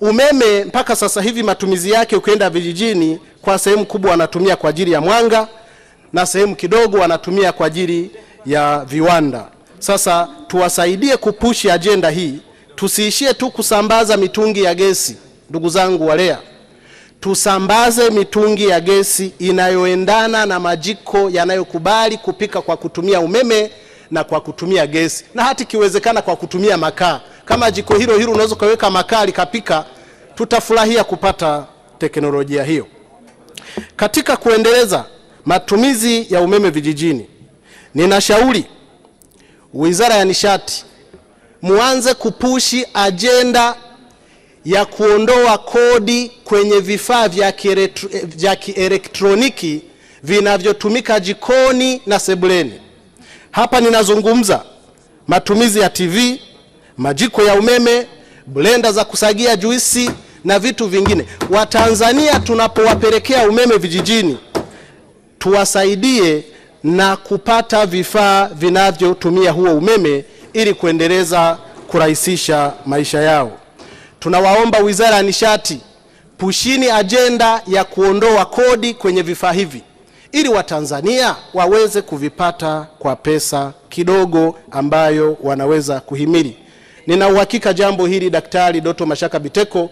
Umeme mpaka sasa hivi matumizi yake, ukienda vijijini, kwa sehemu kubwa wanatumia kwa ajili ya mwanga na sehemu kidogo wanatumia kwa ajili ya viwanda. Sasa tuwasaidie kupushi ajenda hii, tusiishie tu kusambaza mitungi ya gesi. Ndugu zangu walea, tusambaze mitungi ya gesi inayoendana na majiko yanayokubali kupika kwa kutumia umeme na kwa kutumia gesi na hata ikiwezekana kwa kutumia makaa. Kama jiko hilo hilo unaweza ukaweka makaa likapika, tutafurahia kupata teknolojia hiyo. Katika kuendeleza matumizi ya umeme vijijini, ninashauri Wizara ya Nishati muanze kupushi ajenda ya kuondoa kodi kwenye vifaa vya kielektroniki vinavyotumika jikoni na sebuleni. Hapa ninazungumza matumizi ya TV majiko ya umeme, blenda za kusagia juisi na vitu vingine. Watanzania tunapowapelekea umeme vijijini, tuwasaidie na kupata vifaa vinavyotumia huo umeme ili kuendeleza kurahisisha maisha yao. Tunawaomba Wizara ya Nishati, pushini ajenda ya kuondoa kodi kwenye vifaa hivi ili Watanzania waweze kuvipata kwa pesa kidogo ambayo wanaweza kuhimili. Nina uhakika jambo hili Daktari Doto Mashaka Biteko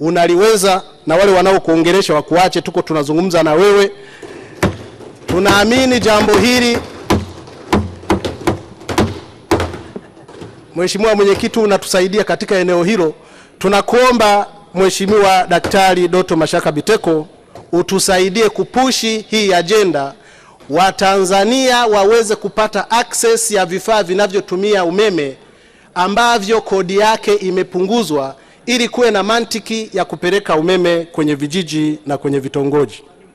unaliweza, na wale wanaokuongelesha wakuache, tuko tunazungumza na wewe. Tunaamini jambo hili Mheshimiwa Mwenyekiti, unatusaidia katika eneo hilo. Tunakuomba Mheshimiwa Daktari Doto Mashaka Biteko utusaidie kupushi hii ajenda, Watanzania waweze kupata access ya vifaa vinavyotumia umeme ambavyo kodi yake imepunguzwa ili kuwe na mantiki ya kupeleka umeme kwenye vijiji na kwenye vitongoji.